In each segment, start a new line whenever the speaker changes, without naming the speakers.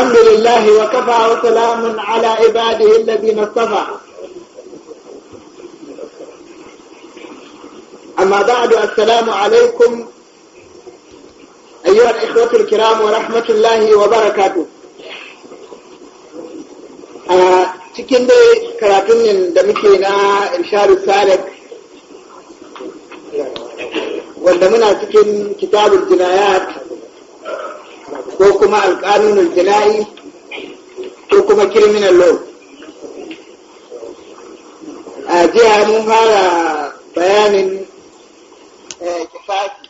الحمد لله وكفى وسلام على عباده الذين اصطفى أما بعد السلام عليكم أيها الإخوة الكرام ورحمة الله وبركاته آه، cikin dai karatun da muke na insharu salek wanda muna cikin kitabul jinayat ko kuma alƙanunin jina'i ko kuma criminal law a jiya mun fara bayanin eh, kifafi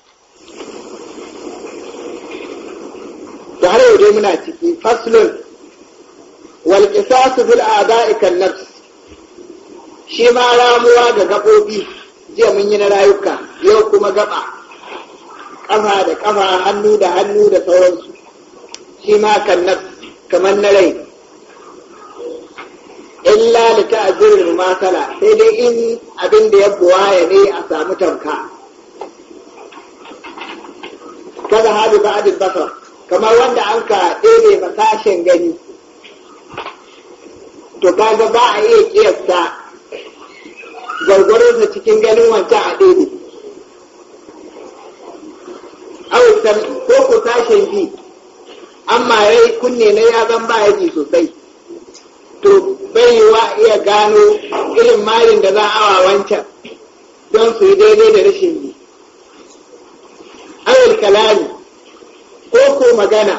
da har yau dai muna ciki faslun wal qisasu bil a'da'i nafs shi ma ramuwa ga gaɓoɓi, jiya mun yi na rayuka yau kuma gaɓa. Ƙafa da ƙafa, hannu da hannu da sauransu shi ma kamar na rai lalata a ta'azirin matala sai dai in abin da ya buwaya ne a samu tamka kada hadu ba'adin basar kamar wanda an ka ɗebe sashen gani to kaga ba a iya kiyasta gwargwaronsa cikin ganin wancan a wutar ko ku sashen ji amma yayi kunne na ya zan ba yaji sosai to bai wa iya gano irin malin da za a wancan don su yi daidai da rashin yi awil kalami ko ko magana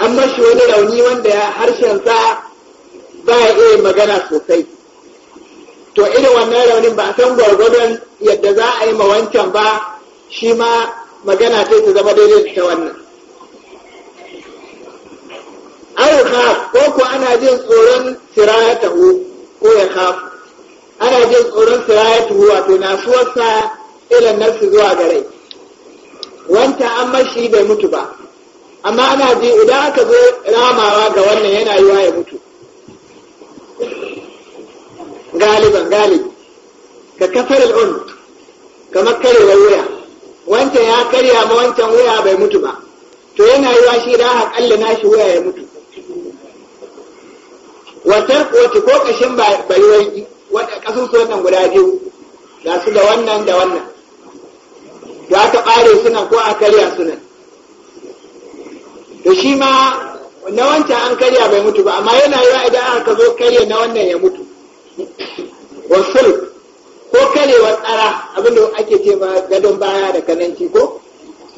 an mashi wani rauni wanda harshen sa ba ya magana sosai to irin wannan raunin ba a san gwargwadon yadda za a yi ma wancan ba shi ma magana ta zama daidai da ta wannan auka ko ko ana jin tsoron sirayatahu ko ya kafu ana jin tsoron sirayatahu wato na suwarsa ilan nafsu zuwa gare wanta an mashi bai mutu ba amma ana ji idan aka zo ramawa ga wannan yana yiwa ya mutu galiban galibi ka kafar al'un kamar karewar wuya wancan ya karya ma wancan wuya bai mutu ba to yana yiwa shi da aka na nashi wuya ya mutu wata wata ko kashin bariwai wanda kasusu wannan guda biyu da su da wannan da wannan da aka ɓare suna ko a karya suna to shi ma na wancan an karya bai mutu ba amma yana yiwa idan aka zo karya na wannan ya mutu wasul ko karewar tsara abinda ake ce ma gadon baya da kananci ko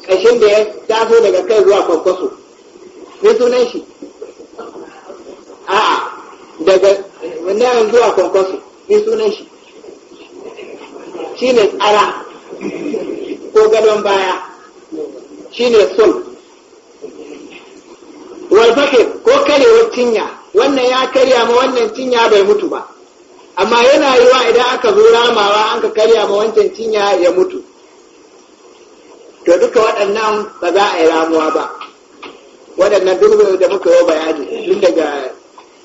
kashin da ya taso daga kai zuwa kwankwaso ne sunan shi a'a daga nan zuwa kwankwaso ni sunan shi shi ne tsara ko gadon baya shi ne sul walfakir ko karewar cinya wannan ya karya ma wannan cinya bai mutu ba amma yana yi wa idan aka zo ramawa an ka karya ma wancan cinya ya mutu to duka waɗannan ba za a yi ramuwa ba waɗannan duk da muka yi bayani duk daga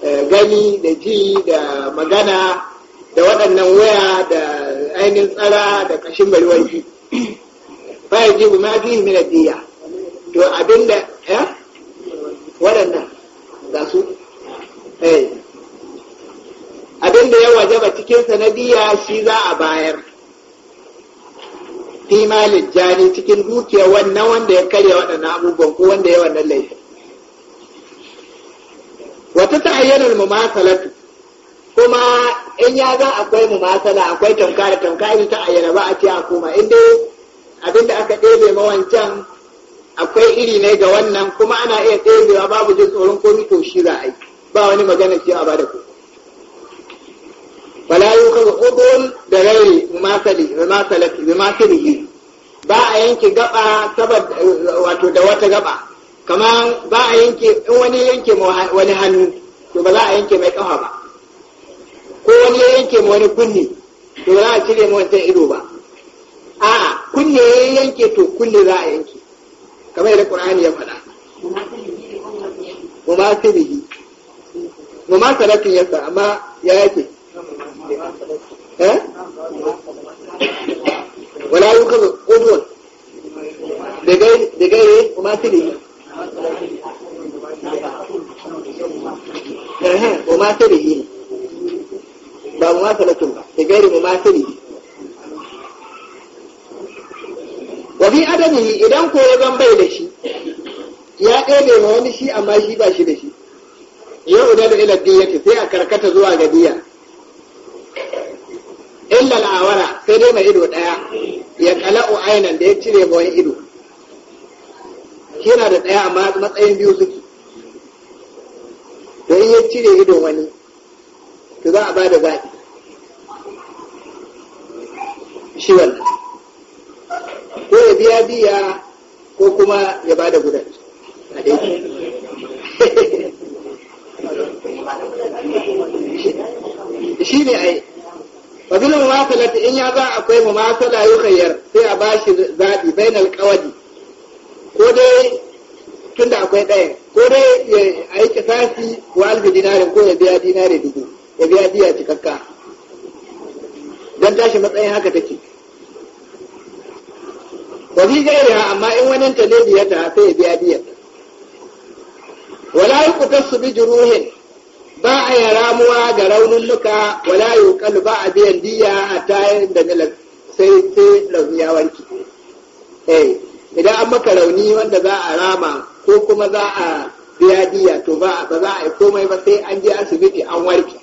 Eh, gani da ji da magana da waɗannan waya da ainihin tsara da ƙashin balwarki ba ya ji ma fi min diya to abinda ya eh? waɗannan za su eh. da ya wajaba cikin sanadiyya shi za a bayar fi malin jani cikin dukiya wannan wanda ya karya waɗannan abubuwan ko wanda ya wannan laifin wata ta'ayyanar mumasalatu kuma in ya ga akwai masala akwai tamka da tamka in ta'ayyana ba a ce a koma in dai abinda aka ɗebe mawancan akwai iri ne ga wannan kuma ana iya ɗebewa babu jin tsoron komi to shi za a yi ba wani magana a ba da ku. wala yi kaga udun da Rai masali ba a yanke gaba saboda wato da wata gaba kama ba a yanke in wani yanke wani hannu to ba za a yanke mai kafa ba ko wani ya yanke ma wani kunni to ba za a cire ma wancan ido ba a'a kunne ya yanke to kunne za a yanke kamar yadda qur'ani ya faɗa mu ma kuma mu ma salatin yasa amma ya yake eh wala yukazu udwan da gai da gai kuma sirri wa ma ta bihi ba mu ma salatun ba da gari mu ma ta yi. wa bi adamihi idan ko ya bai da shi ya ɗebe ma wani shi amma shi ba shi da shi ya uda da ila diyati sai a karkata zuwa ga diya illa al'awara sai dai mai ido ɗaya ya kala'u ainan da ya cire ma wani ido yana da ɗaya amma matsayin biyu suke don ya cire idon wani to za a ba da zaɓi shi wannan ko ya biya biya ko kuma ya ba da gudan a daidai shi ne a yi. ai fazilin mumasalata in ya ba akwai mumasala yi sai a ba shi zaɓi bainal kawadi ko dai tun da akwai ɗaya, ko dai ya yi kisasi wa alfi dinarin ko ya biya dinari dubu ya biya biya cikakka don tashi matsayin haka take wa bi gairiha amma in wani ta ne biya ta sai ya biya biya wala yuqtasu bi juruhin ba a yi ramuwa ga raununuka wala kalu ba a biyan diya a tayin da milan sai sai rauni ya idan an maka rauni wanda za a rama ko kuma za a biya diya to ba ba za a yi komai ba sai an je asibiti an warke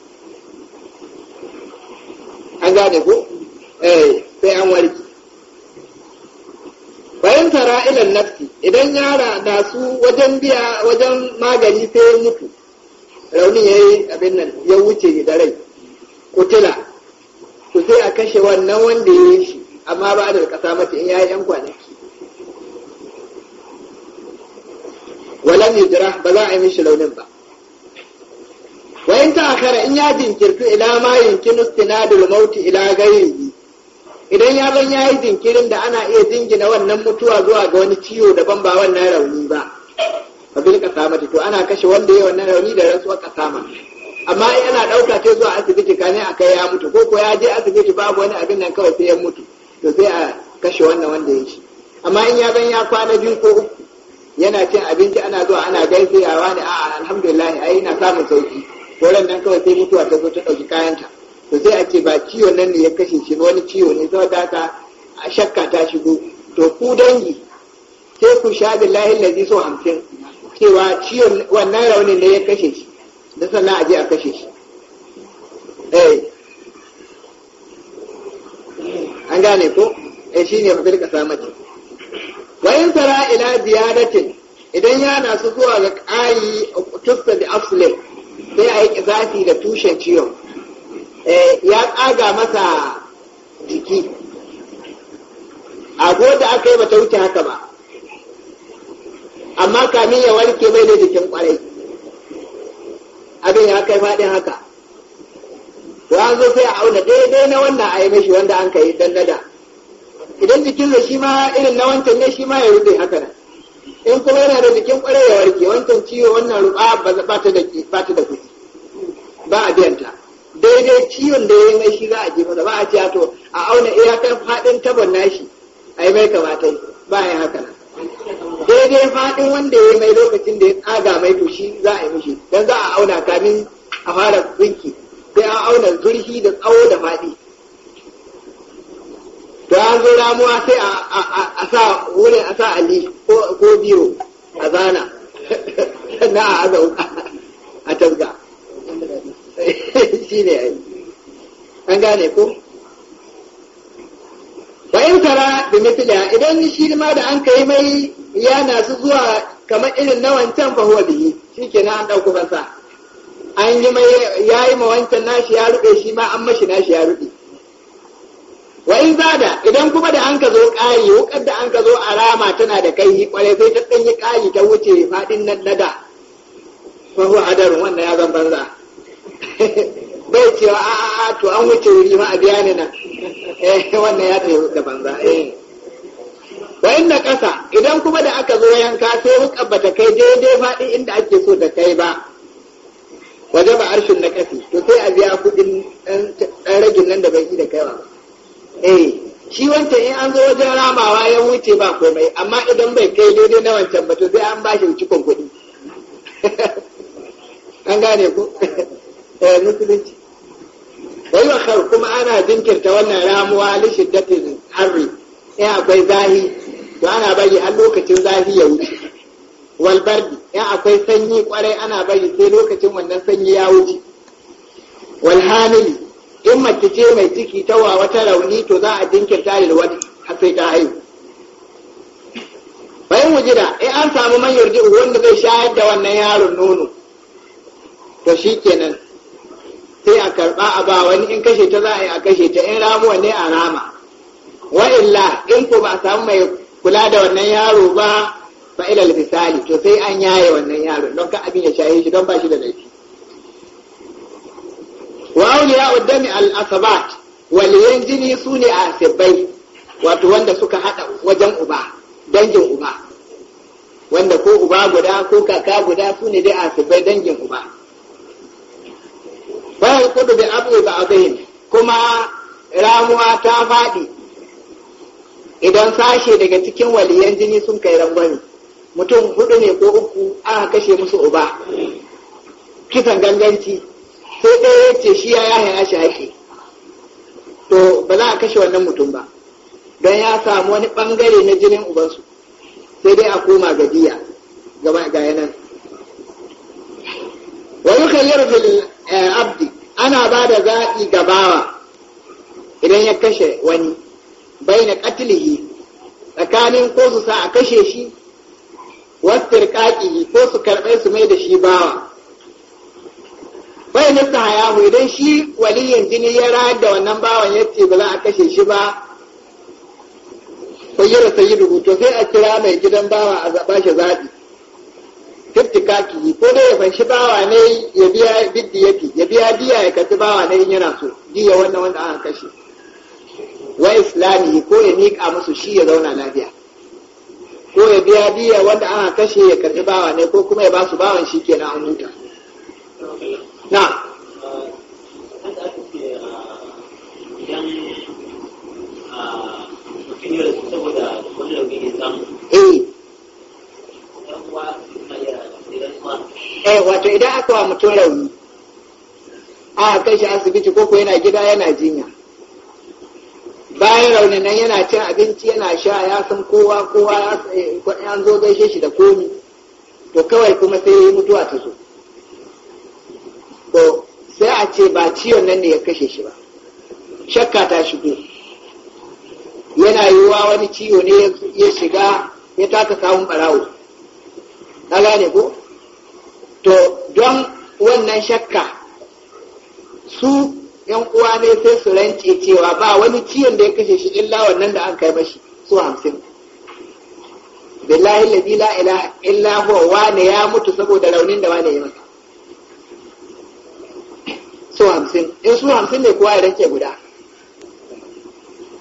an gane ko eh sai an warke bayan tara ilan nafsi idan yara da su wajen biya wajen magani sai ya mutu raunin ya yi abin nan ya wuce da rai kutila to sai a kashe wannan wanda ya yi shi amma ba da kasa mace in ya yi yan kwanaki lam yujra ba za a yi mishi raunin ba wa in ta akara in ya jinkirtu ila ma yumkinu istinadul mauti, ila ghairihi idan ya zan yayi jinkirin da ana iya jingina wannan mutuwa zuwa ga wani ciwo daban ba wannan rauni ba fa bil kasamati to ana kashe wanda ya wannan rauni da rasuwar kasama amma in ana ɗauka ce zuwa asibiti kane a kai ya mutu ko ko ya je asibiti babu wani abin nan kawai sai ya mutu to sai a kashe wannan wanda ya shi amma in ya ban ya kwana biyu ko uku yana cin abinci ana zuwa ana gaisayawa ne a alhamdulillah ai na samun sauki ran nan kawai sai mutuwa ta zo ta ɗauki kayanta to sai a ce ba ciwon nan ne ya kashe shi wani ciwo ne saboda haka a shakka ta shigo to ku dangi sai ku sha billahi zai so hamsin cewa ciwon wannan raunin ne ya kashe shi da sannan a je a kashe shi eh an gane ko eh shine fa bilka samati wayan tara ila idan yana su zuwa ga ƙari tufta da afsule sai a yi ƙizafi da tushen ciwon eh, ya ƙaga masa jiki ago da aka yi bata wuce haka ba amma kamin ya warke bai da jikin kwarai abin ya kai faɗin haka to an sai a auna daidai na wannan a yi mishi wanda an kai dandada idan da shi ma irin na wancan ne shi ma ya rufe haka nan in kuma yana da jikin kwarai ya warke wancan ciwo wannan ruɓa ba ta da ba ta da kuɗi ba a biyan ta daidai ciwon da yayin yi shi za a ji masa ba a ce to a auna iyakar faɗin tabon nashi a yi mai kamata ba a yi haka nan daidai faɗin wanda ya mai lokacin da ya tsaga mai to shi za a yi mishi don za a auna kamin a fara binki sai a auna zurfi da tsawo da faɗi to an zo ramuwa sai a sa wuri a sa ali ko biyu a zana na a azau a tabga shi ne ai an gane ko bayan tara da mitila idan shi ma da an kai mai na su zuwa kamar irin na wancan fa huwa bihi na an dauko kansa an yi mai yi ma wancan nashi ya rube shi ma an mashi nashi ya rube wa in zada idan kuma da an ka zo kayi wukar da an ka zo alama tana da kai kwarai sai ta ɗanyi kayi ta wuce faɗin nan nada fa huwa adarun wannan ya zan banza bai cewa a a to an wuce wuri ma a biya ni nan eh, wannan ya tafi da banza eh. wa inna ƙasa idan kuma da aka zo yanka sai wukar bata kai daidai fadin inda ake so ta kai ba waje ba arshin na kafi to sai a biya kuɗin ɗan ragin nan da bai yi da kaiwa ba eh shi wancan in an zo wajen ramawa ya wuce ba komai amma idan bai kai daidai na wancan ba to sai an ba shi cikon kuɗi an gane ku eh musulunci wai wakar kuma ana jinkirta wannan ramuwa lishin shiddatin harri in akwai zahi to ana bari har lokacin zahi ya wuce wal bardi in akwai sanyi kwarai ana bari sai lokacin wannan sanyi ya wuce walhamili in mace ce mai ciki ta wa wata rauni to za a jinkirta da wani har sai ta haihu bayan wujida in an samu man yarji wanda zai shayar da wannan yaron nono to shikenan sai a karba a ba wani in kashe ta za a yi a kashe ta in ramuwa ne a rama wa illa in ku ba a samu mai kula da wannan yaro ba fa ila misali to sai an yaye wannan yaro don ka abin ya shaye shi don ba shi da laifi wa awliya uddami al asabat waliyan jini su ne a asibbai wato wanda suka hada wajen uba dangin uba wanda ko uba guda ko kaka guda su dai asibbai dangin uba bayan kudu bi abu ba abin kuma ramuwa ta faɗi idan sashe daga cikin waliyan jini sun kai rangwani mutum hudu ne ko uku aka kashe musu uba kisan ganganci sai ɗaya ya ce shi ya yahe ya haƙi to ba za a kashe wannan mutum ba don ya samu wani ɓangare na jinin ubansu sai dai a koma ga diya gaba ga yanan wa eh, abdi ana ba da zaɓi ga bawa idan ya kashe wani bai na katilihi tsakanin ko su sa a kashe shi wasu ko su karɓe su mai da shi bawa bai nista hayahu idan shi waliyin jini ya rayar da wannan bawan ya ce ba za a kashe shi ba sayyara yi rubutu sai a kira mai gidan bawa a zaba shi zaɓi fiftikaki ko dai ya fanshi bawa ne ya biya biddi ya biya biya ya kasu bawa ne in yana so diya wannan wanda an kashe wa islami ko ya miƙa musu shi ya zauna lafiya ko ya biya biya wanda an kashe ya karɓi bawa ne ko kuma ya ba su bawan shi kenan an huta na eh. eh wato idan aka wa mutum rauni a kai shi asibiti koko yana gida yana jinya bayan raunin nan yana cin abinci yana sha ya san kowa kowa ya eh, zo gaishe shi da komi to kawai kuma sai yi mutuwa ta zo to sai a ce ba ciwon nan ne ya kashe shi ba shakka ta shigo yana yiwuwa wani ciwo ne ya shiga ya taka kawun barawo na gane ko to don wannan shakka su yan uwa ne sai su rance cewa ba wani ciwon da ya kashe shi illa wannan da an kai mashi su hamsin billahi la ilaha illa huwa wane ya mutu saboda raunin da wane ya masa so hamsin in su hamsin ne kowa ya rance guda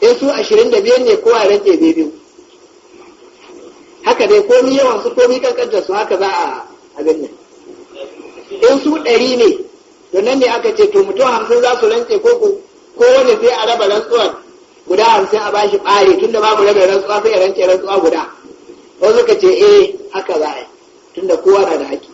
in su ashirin da biyar ne kowa ya rance biyu haka dai komi yawan su komi kankantar su haka za a abin nan in su ɗari ne to nan ne aka ce to mutum hamsin za su rance ko ko wani sai a raba rantsuwar guda hamsin a bashi ɓare tunda babu raba rantsuwa sai ya rance rantsuwa guda wasu suka ce eh haka za a yi tunda kowa na da haƙƙi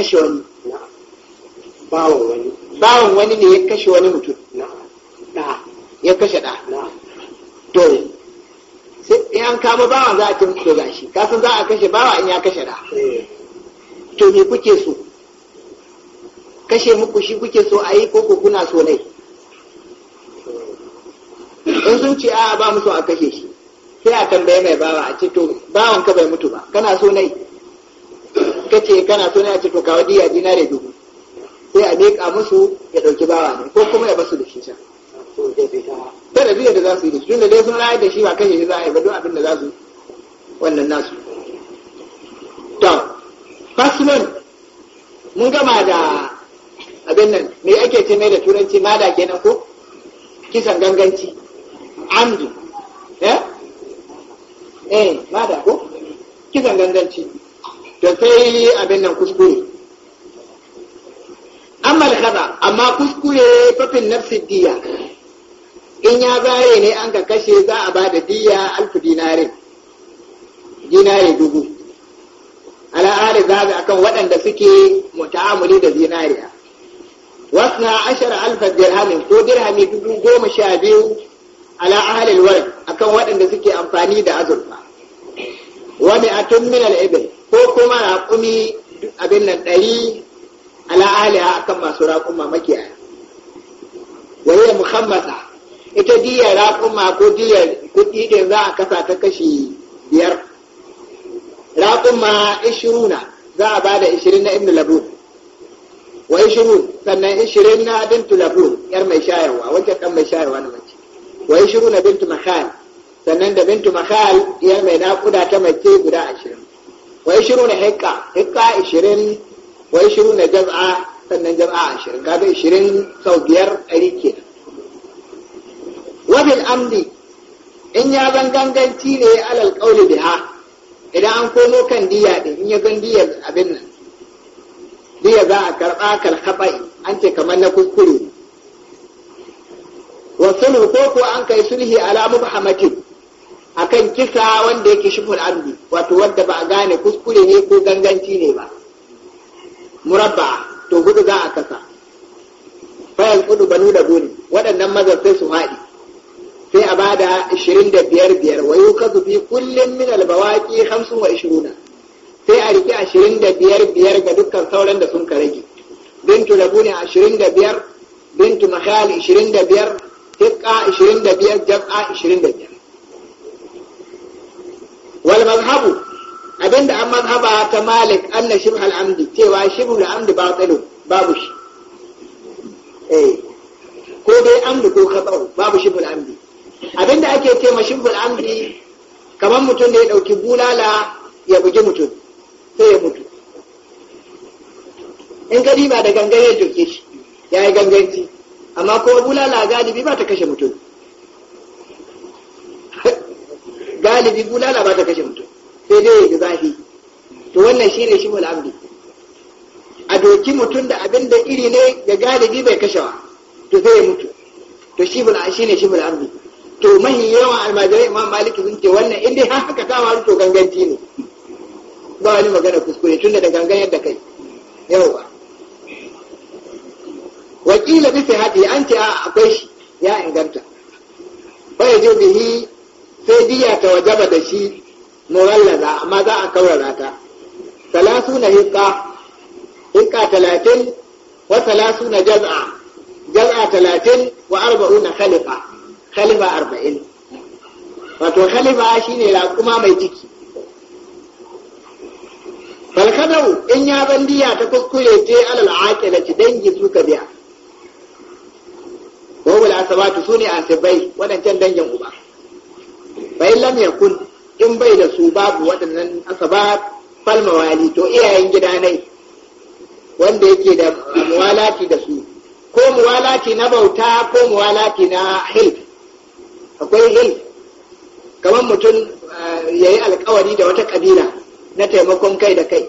kashe wani bawon wani bawon wani ne ya kashe wani mutum da ya kashe da to sai in an kama bawon za a mutu da shi kasan za a kashe bawa in ya kashe da eh. to me kuke so kashe muku shi kuke so a yi ko kuna so ne in sun ce a ba mu so a kashe shi sai a tambaye mai bawa a ce to bawon ka bai mutu ba kana so nai ce kana so na a to kawo diya da dubu sai a leƙa musu ya ɗauki bawa ne ko kuma ya basu da shi can ta da biyar da za su yi da shi tunda dai sun rayar da shi ba kashe shi za a yi ba duk abin da za su wannan nasu to fasulun mun gama da abin nan me ake ce mai da turanci mada kenan ko kisan ganganci amdu eh eh mada ko kisan ganganci to sai abin nan kuskure amma kaza amma kuskure fafin nafsi diya in ya zare ne an ga kashe za a ba da diya alfu dinare dinare dubu za a akan waɗanda suke muta'amuli da zinariya wasna ashar alfa dirhamin ko dirhami dubu goma sha biyu ala ahalil warq akan waɗanda suke amfani da azurfa Wani atun minal ko kuma raƙumi abin nan ɗari ala'aliya akan masu raƙuma makiyaya wani muhammasa ita diyar raƙuma ko diyar kuɗi ɗin za a kasa ta kashi biyar raƙuma ishiruna za a ba da ishirin na ibnu labur wa ishiru sannan ishirin na bintu labur yar mai shayarwa wacce ɗan mai shayarwa na mace wa ishiru na bintu makhal sannan da bintu makhal yar mai naƙuda ta mace guda ashirin wa shiru na hekka hekka ishirin wa shiru na jaz'a sannan jaz'a ashirin kaga ishirin sau biyar ɗari ke wabil amdi in ya zan ganganci ne alal ƙauli biha idan an komo kan diya ɗin in ya zan diyar abin nan diya za a karɓa kalhaɓai an ce kamar na kuskure Wasu sulhu ko ko an kai sulhi ala mubhamatin akan kisa wanda yake shiful amdi wato wanda ba a gane kuskure ne ko ganganci ne ba murabba to gudu za a kasa bayan kudu banu da goni. waɗannan sai su haɗi sai a bada 25 biyar wayo ka fi kullum min albawaki 25 sai a rike 25 biyar ga dukkan sauran da sun ka rage bintu da da 25 bintu mahal 25 hikka 25 jam'a 25 wal mazhabu abinda an mazhaba ta malik anna shibh al amdi cewa shibh al amdi batilu babu shi eh ko dai amdi ko khata'u babu shibh al amdi abinda ake ce ma shibh al amdi kamar mutum da ya dauki bulala ya bugi mutum sai ya mutu in gari ba da gangan ya doke shi ya yi ganganci amma ko bulala galibi ba ta kashe mutum galibi bulala ba ta kashe mutum sai dai ya zafi to wannan shi ne shimul amri a doki mutum da abin da iri ne ga galibi bai kashewa to zai ya mutu to shi bula shi ne shimul amri to mahi yawan almajirai imam maliki sun ce wannan in dai har haka kama to ganganci ne ba wani magana kuskure tun da gangan yadda kai yawa wakila bisa hati an ce akwai shi ya inganta bai je bihi sai diya ta wajaba da shi murallaza amma za a kaurara ta salasu na hikka hikka talatin wa salasu na jaz'a jaz'a talatin wa arba'u na khalifa khalifa arba'in wato khalifa shine raƙuma mai ciki falkadau in ya zan diya ta kuskure ce alal aqilati dangi su ka biya wa wal asabatu ne asibai waɗancan dangin uba bai lam yakun in bai da su babu waɗannan asabab fal mawali to iyayen gida ne wanda yake da muwalati da su ko muwalati na bauta ko muwalati na hil akwai hilf kamar mutum eh, ya yi alkawari da wata kabila na taimakon kai da kai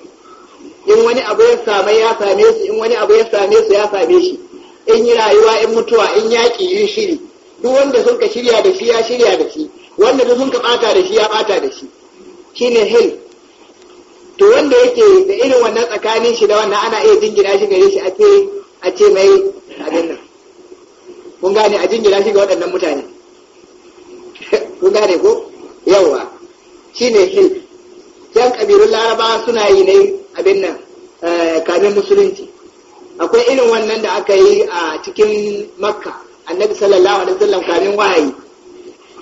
in wani abu ya same ya same su in wani abu ya same su ya same shi in yi rayuwa in mutuwa in yaƙi in shiri duk wanda sun ka shirya da shi ya shirya da shi wanda da sun ka bata da shi ya bata da shi shine hil to wanda yake da irin wannan tsakanin shi da wannan ana iya jingina shi gare shi ce a ce mai abin nan kun gane a jingina shi ga waɗannan mutane kun gane ko yawa shine hil yan kabilun laraba suna yi ne abin nan eh, kamin musulunci akwai irin wannan da aka yi a cikin makka annabi sallallahu alaihi wasallam kamin wahayi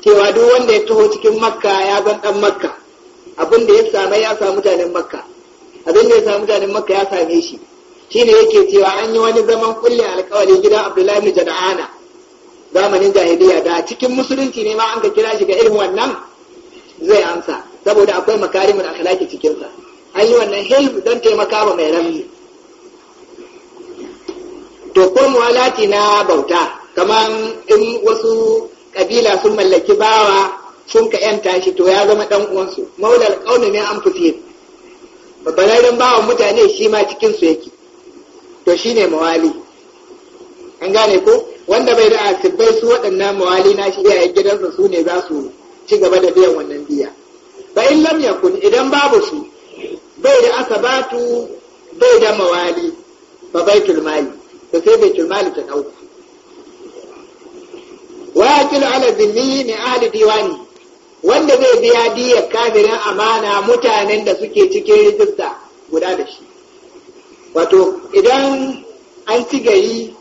cewa duk wanda ya taho cikin makka ya ban dan makka abin da ya same ya samu mutanen makka abin da ya samu mutanen makka ya same shi shine yake cewa an yi wani zaman kulle alkawari gidan abdullahi bin jana'ana zamanin jahiliya da cikin musulunci ne ma an ka kira shi ga irin wannan zai amsa saboda akwai makarimin akhlaki cikin sa an yi wannan hilf don taimaka ma mai rami to ko muwalati na bauta kaman in wasu kabila sun mallaki bawa sun ka yanta shi to ya zama dan uwansu maulal an fi anfusihim babban bawan mutane shi ma cikin su yake to shine mawali an gane ko wanda bai da asibbai su waɗannan mawali na shi iyayen gidansa su ne za su ci gaba da biyan wannan biya Ba in lam yakun idan babu su bai da asabatu bai da mawali ba baitul mali to sai baitul mali ta dauka wa yaqilu ala dhimmi ahli diwani wanda zai biya diyar kafirin amana mutanen da suke cikin rijista guda da shi wato idan an ci gari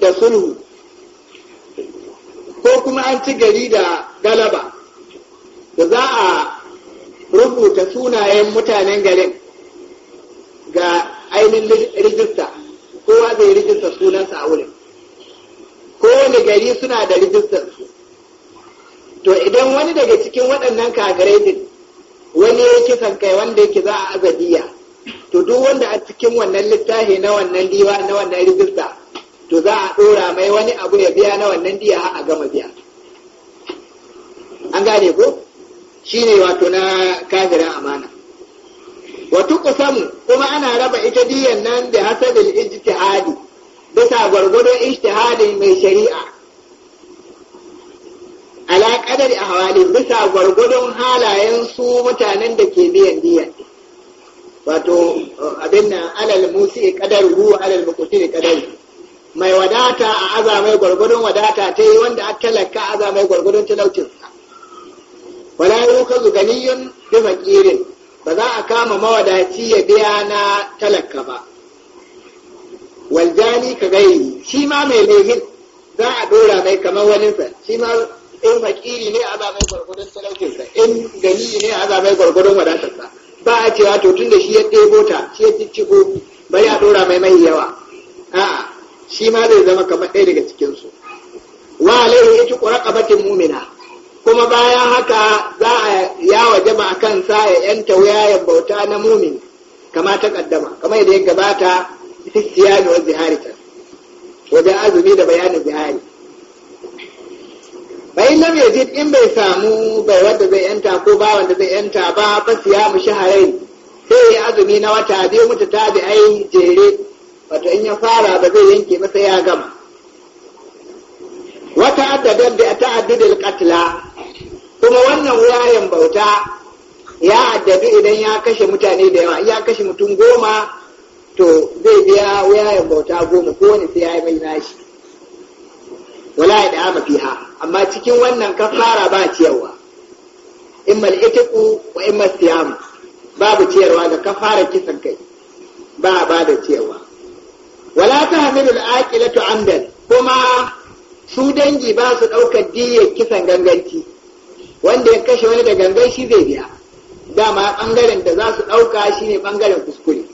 da sulhu ko kuma an ci gari da galaba da za a rubuta sunayen mutanen garin ga ainihin rijista kowa zai rijista sunansa a wurin kowane gari suna da rijistar su to idan wani daga cikin waɗannan kagarai wani ya kisan kai wanda yake za a azadiya to duk wanda a cikin wannan littafi na wannan diwa na wannan rijista to za a ɗora mai wani abu ya biya na wannan diya a gama biya an gane ko shi ne wato na kafirin amana wato kusan kuma ana raba ita diyan nan da hasabin ijtihadi bisa gwargwadon ijtihadin mai shari'a ala a ahwali bisa gwargwadon halayen su mutanen da ke biyan biyan. wato abin nan alal musi kadar hu alal muqtir kadar mai wadata a aza mai gwargwadon wadata ta yi wanda aka talaka aza mai gwargwadon talaucinsa wala ruka zuganiyun bi makirin ba za a kama mawadaci ya biya na talaka ba waljani ka gai shi ma mai lehin za a dora mai kamar waninsa shi ma in fakiri ne a mai gwargwadon talaukinsa in gani ne a mai gwargwadon wadatarsa ba a cewa to tun da shi ya ɗebo ta shi ya cicciko bari a dora mai mai yawa a'a shi ma zai zama kamar ɗaya daga cikinsu wa alaihi ya ci ƙabatin mumina kuma bayan haka za a yawa jama'a kansa ya yanta wuyayen bauta na mumin kama ta ƙaddama kamar yadda ya gabata fi wa zihari ta wajen azumi da bayanin zihari bayan lam yajid in bai samu bai wanda zai yanta ko ba wanda zai yanta ba ba mu shaharai sai ya azumi na wata biyu mutu ai jere wato in ya fara ba zai yanke masa sai ya gama wata addadan da ta'addudul qatla kuma wannan wayan bauta ya addabi idan ya kashe mutane da yawa ya kashe mutum goma to zai biya wuya ya bauta goma ko wani sai ya yi mai nashi wala ya da'ama fiha amma cikin wannan kafara ba ciyarwa imma al wa imma siyam babu ciyarwa da kafara kisan kai ba ba da ciyarwa wala ta tahmilu al to amdan kuma su dangi ba su ɗaukar diyyar kisan ganganci wanda ya kashe wani da gangan shi zai biya dama ɓangaren da za su ɗauka shine ɓangaren kuskure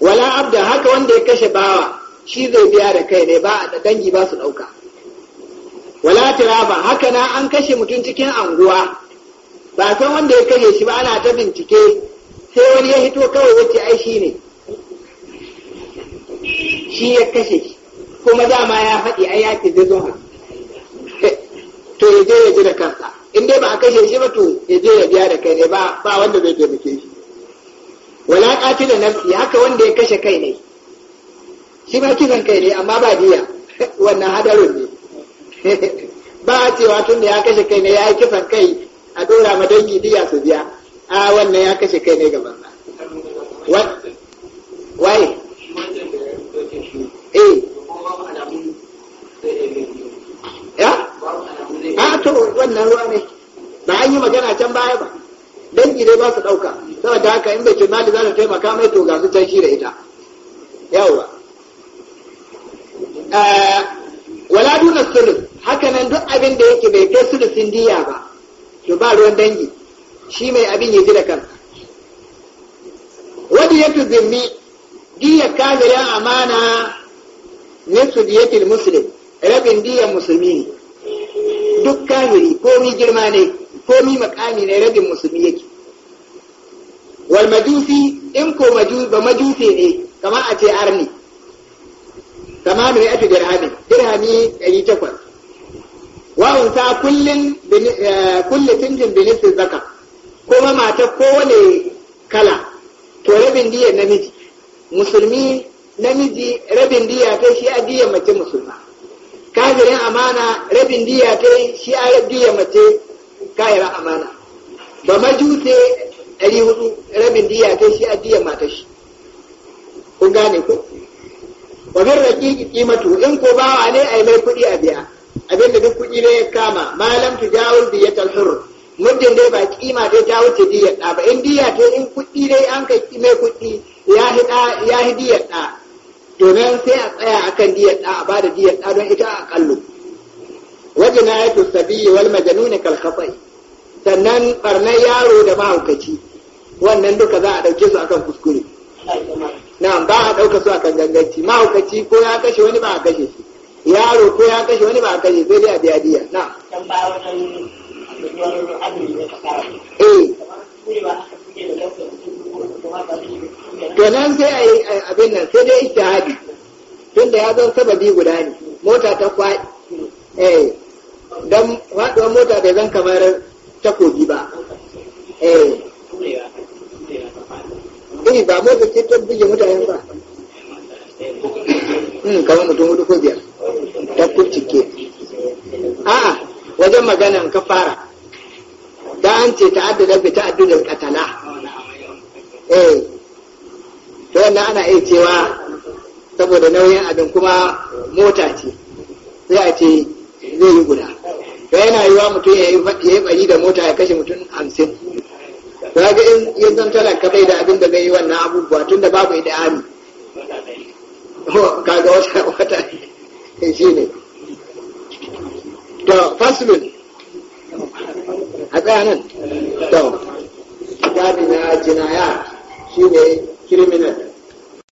wala abda haka wanda ya kashe bawa shi zai biya da kai ne ba da dangi ba su ɗauka wala tiraba haka na an kashe mutum cikin anguwa ba san wanda ya kashe shi ba ana ta bincike sai wani ya hito kawai wace ai shi ne shi ya kashe shi kuma dama ya faɗi ai ya ce zai to ya je ya ji da kansa in dai ba a kashe shi ba to ya je ya biya da kai ne ba ba wanda zai taimake shi wala qatilu nafsi haka wanda ya kashe kai ne shi ba kisan kai ne amma ba diya wannan hadarin ne ba a cewa tun da ya kashe kai ne ya yi kisan kai a dora ma dangi diya su biya a wannan ya kashe kai ne gaban sa eh ya a to wannan ruwa ne ba an yi magana can baya ba dangi dai ba su dauka saboda haka in bai mali za ta taimaka mai to ga su ta shi da ita yawa eh, wala duna sulu haka nan duk abin da yake bai kai sun diya ba to ba ruwan dangi shi mai abin ya ji da kansa wadda ya zimmi diya kamilan amana ne diya diyatil muslim rabin diya musulmi ne duk kafiri komi girma ne komi makami ne rabin musulmi yake wal majusi in ko ba majusi ne kamar a ce arni kama ne ake dirhami dirhami ɗari takwas wawun ta kullum eh, kulle tinjin binisin ko kuma mata kowane kala to rabin diyar namiji musulmi namiji rabin diya ta shi a diya mace musulma kafirin amana rabin diya ta shi a diya mace kayar amana ba majute ɗari hudu rabin diya kai shi addiyar matar shi kun gane ku wa bin raƙiƙi ƙimatu in ko bawa ne a yi mai kuɗi a biya abin duk kuɗi ne ya kama malam tu jawul diyatal hur muddin dai ba kima dai ta wuce diyar ɗa ba in diya ta in kuɗi dai an kai mai kuɗi ya ya diyar ɗa domin sai a tsaya akan diyar ɗa a bada diyar ɗa don ita a kallo wajen ya yi tusabi wal majanuni kalkafai sannan barnar yaro da mahaukaci wannan duka za a ɗauke su akan kuskure na ba a ɗauka su akan ganganci mahaukaci ko ya kashe wani ba a kashe shi yaro ko ya kashe wani ba a kashe sai dai a biya diya na eh. to nan sai a yi abin nan sai dai ijtihadi tun da ya zan sababi guda ne mota ta kwaɗi eh don faɗuwar mota bai zan kamar takobi ba gudun eh, ba motsa ce ta buge mutane ba hmm, kamar mutum hudu ko biyar ta a a'a wajen magana ka fara da an ce ta addada bi ta addada katala eh to wannan ana iya cewa saboda nauyin abin kuma mota ce sai a ce zai yi guda to yana yiwa mutum ya yi bari da mota ya kashe mutum kaga in ya zan talaka bai da abin da zai yi wannan abubuwa tun da babu da ami kaga wata wata shi ne to faslun a tsaya nan